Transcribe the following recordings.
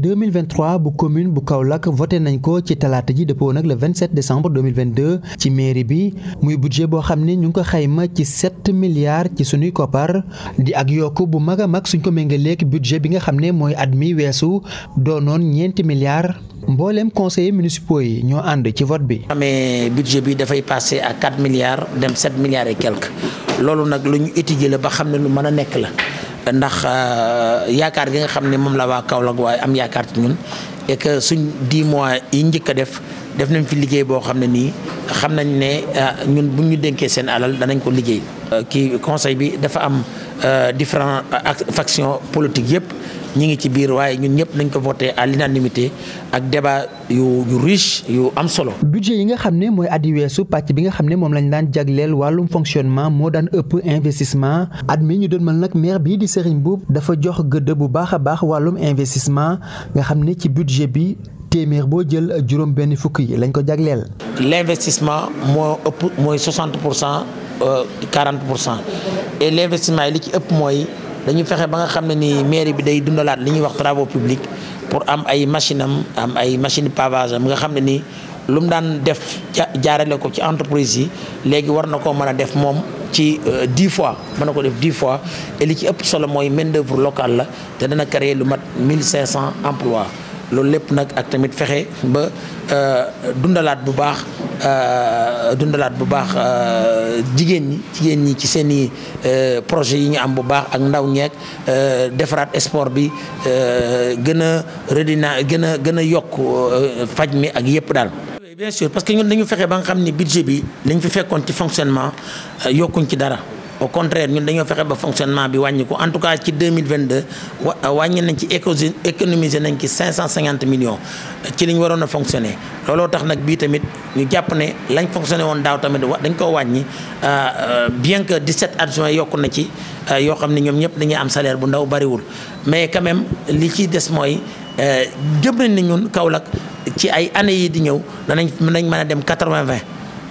2023 bu commune bu kaw Kaolack voté nañ ko ci talaata ji dëppoo nag le 27 décembre 2022 ci mairie bi muy budget boo xam ne ñu ngi ko xayma ci 7 milliards ci sunuy koppar di ak yokk bu mag a mag suñ ko méngaleeg budget bi nga xam ne mooy at mi weesu doonoon ñeenti milliards mbooleem conseillers municipaux yi ñoo ànd ci vote bi. amee budget bi dafay passé à 4 milliards dem 7 milliards et quelque loolu nag lu ñu étudier la ba xam ne lu mën a nekk la. ndax euh, yaakaar gi nga xam ne moom la waa Kaolack waaye am yaakaar ci ñun et que suñ dix mois yi njëkk a def def nañ fi liggéey boo xam ne nii xam nañ ne euh, ñun bu ñu dénkee seen alal danañ ko liggéey. Euh, kii conseil bi dafa am. Euh, différents euh, faction politiques yëpp ñi ngi ci biir waaye ñun ñëpp nañ ko voté à l'unanimité ak débat yu yu riche yu am solo. budget yi nga xam ne mooy at yi weesu pàcc bi nga xam ne moom lañ daan jagleel wàllum fonctionnement moo daan ëpp investissement at mi ñu doon mal nag maire bii di Serigne Mboup dafa jox gëdd bu baax a baax wàllum investissement nga xam ne ci budget bi. téeméer boo jël juróom benn fukk yi lañ ko jagleel. l'investissement moo ëpp mooy 60 pour cent 40 euh, pour cent et l' investissement li ci ëpp mooy dañu fexe ba nga xam ne ni mairie bi day dundalaat li ñuy wax travaux publics pour am ay machine am am ay machine pavage am nga xam ne ni lu mu daan def jaarale ko ci entreprise yi léegi war na koo mën a def moom ci euh, dix fois mën na ko def dix fois et li ci ëpp solo mooy main d'œuvre locale la te dana créer lu mat 1500 emplois loolu lépp nag ak tamit fexe ba euh, dundalaat bu baax euh, dundalaat bu baax euh, jigéen ñi jigéen ñi ci seen i projets yi ñu am bu baax ak ndaw ñeeg defaraat sport bi gën a redina gën a gën a yokk faj mi ak yëpp daal. bien sûr parce que dañu fexe ba nga xam ni budget bi dañ fi fekkoon ci fonctionnement yokkuñ ci dara. au contraire ñun dañoo fexe ba fonctionnement bi wàññi en tout cas ci deux mille vingt deux wa euh, wàññi nañ ci économiser nañ ci cinq cent cinquante millions ci li ñu waroon a fonctionner looloo tax nag bii tamit ñu jàpp ne lañ fonctionné woon daaw tamit dañ koo wàññi euh, euh, bien que 17 adjoints yokku na ci yoo xam ne ñoom ñëpp dañuy am salaire bu ndaw bariwul mais quand même li ciy des mooy jëm nañ ne ñun Kaolack ci ay anne yi di ñëw danañ mën nañ mën a dem quatre vingt vingt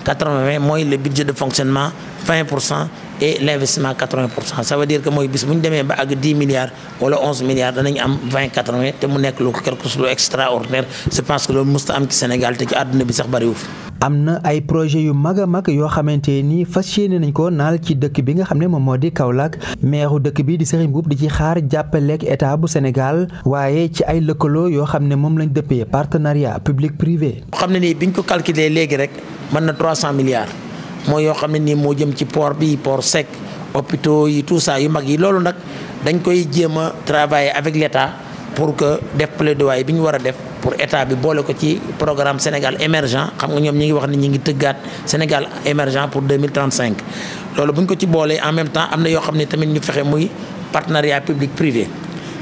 quatre vingt vingt mooy le budget de fonctionnement. 20 pour cent et l' investissement 80 pour cent veut dire que mooy bis bu ñu demee ba àgg 10 milliards wala 11 milliards danañ am 20 80 te mu nekk lu quelque chose lu extraordinaire je pense que loolu musta am ci Sénégal te ci àdduna bi sax bëriwul. am na ay projet yu mag a mag yoo xamante ni fas yéene nañ ko naal ci dëkk bi nga xam ne moom moo di Kaolack meeru dëkk bi di Serigne Mboup di ci xaar jàppaleeg état bu Sénégal waaye ci ay lëkkaloo yoo xam ne moom lañu dëppee partenariat public privé. xam ne ni biñ ko calculer léegi rek mën na 300 milliards. mooy yoo xam ne nii moo jëm ci port bi port sec hôpitaux yi tout ça mag yi loolu nag dañ koy jéem a travailler avec l'État pour que def plaidoyer bi ñu war a def pour état bi boole ko ci programme Sénégal émergent xam nga ñoom ñi ngi wax ni ñi ngi tëggaat Sénégal émergent pour 2035 loolu bu ñu ko ci boolee en même temps am na yoo xam ne tamit ñu fexe muy partenariat public privé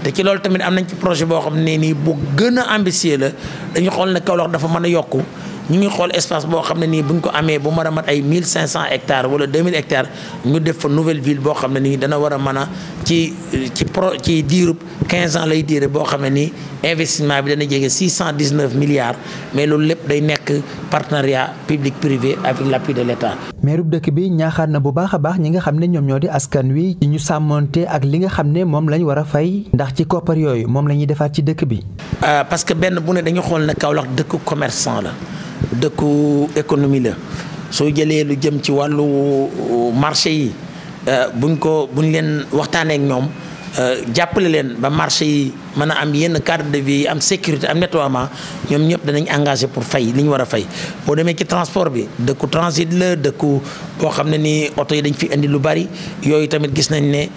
te ci loolu tamit am nañ ci projet boo xam ne nii bu gën a ambitieux la dañu xool ne Kaolack dafa mën a yokku ñu ngi xool espace boo xam ne nii buñ ko amee bu mën a mat ay mille cinq cent hectares wala deux mille hectares ñu def fa nouvelle ville boo xam ne nii dana war a mën a ci ci pro ci diirub quinze ans lay diire boo xam ne nii investissement bi dana jege six cent dix neuf milliards mais loolu lépp day nekk partenariat public privé avec l'appui de l'État. meerub dëkk bi ñaaxaat na bu baax a baax ñi nga xam ne ñoom ñoo di askan wi ñu sàmmonte ak li nga xam ne moom lañ war a fay ndax ci koppar yooyu moom la ñuy defaat ci dëkk bi. Euh, parce que benn bu ne dañu xool ne Kaolack dëkk commerçant la. dëkku économie la soo jëlee lu jëm ci wàllu euh, marché yi euh, buñ ko buñ leen waxtaanee ak ñoom euh, jàppale leen ba marché yi mën a am yenn cadre de vie am sécurité am nettoiement ñoom ñëpp danañ engagé pour fay li ñu war a fay boo demee ci transport bi dëkku transit la dëkku boo xam ne nii oto yi dañ fi indi lu bari yooyu tamit gis nañ ne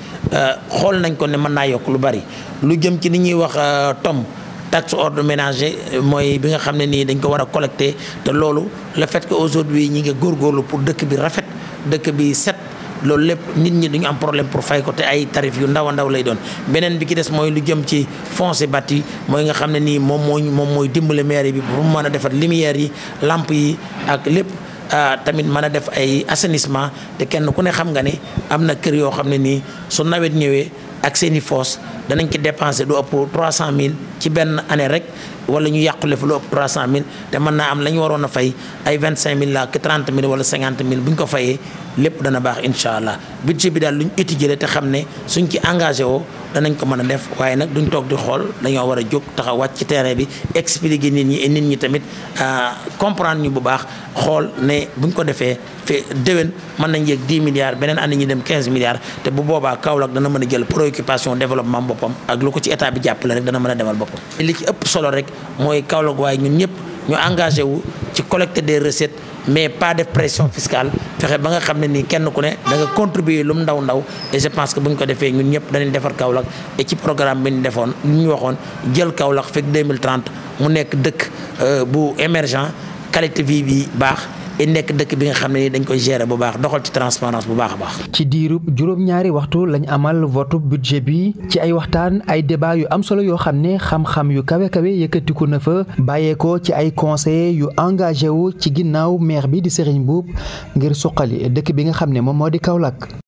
xool nañ ko ne mën naa yokk lu bari lu jëm ci ni ñuy wax tom taxe ordre ménager euh, mooy bi nga xam ne nii dañ ko war a collecter te loolu le fait que aujourd'hui ñi góor góorlu pour dëkk bi rafet dëkk bi set loolu lépp nit ñi duñu am problème pour fay ko te ay tarif yu ndaw ndaw lay doon beneen bi ki des mooy lu jëm ci foncier bâti mooy nga xam ne nii moom mooy moom mooy dimbale maire bi pour mu mën a defar lumière yi làmp yi ak lépp ah, tamit mën a def ay assainissement te kenn ku ne xam nga ne am na kër yoo xam ne nii su nawet ñëwee ak seen i fosse danañ ci dépenser du cent 300000 ci benn année rek wala ñu yàqule fa lu ëpp 300000 te mën naa am la ñu waroon a fay ay 25000 la que 30000 wala 50000 bu ñu ko fayee lépp dana baax incha allah budget bi daal lu ñu étudier te xam ne suñ ci engagé woo danañ ko mën a def waaye nag duñ toog di xool dañoo war a jóg taxaw wàcc ci terrain bi expliquer nit ñi nit ñi tamit euh, comprendre ñu bu baax xool ne buñ ko defee fe déwén mën nañ yéeg 10 milliards beneen année ñu dem 15 milliards te bu boobaa Kaolack dana mën a jël préoccupation développement boppam ak lu ko ci état bi jàppale rek dana mën a demal boppam li ëpp solo rek mooy Kaolack waaye ñun ñëpp ñu engagé wu ci collecte des recettes mais pas de pression fiscale fexe ba nga xam ne nii kenn ku ne da nga contribuer lu ndaw ndaw et je pense que bu ñu ko defee ñun ñëpp dañuy defar Kaolack et ci programme bi ñu defoon ñu ñu waxoon jël Kaolack fekk 2030 mu nekk dëkk euh, bu émergent qualité vie bi baax i nekk dëkk bi nga xam ne dañ koy gérer bu baax doxal ci transparence bu baax a ci diirub juróom-ñaari waxtu lañ amal votu budget bi ci ay waxtaan ay débat yu am solo yoo xam ne xam-xam yu kawe kawe yëkkatiku na fa bàyyeekoo ci ay conseillers yu engagé wu ci ginnaaw meex bi di Serigne Mboup ngir suqali dëkk bi nga xam ne moom moo di Kaolack.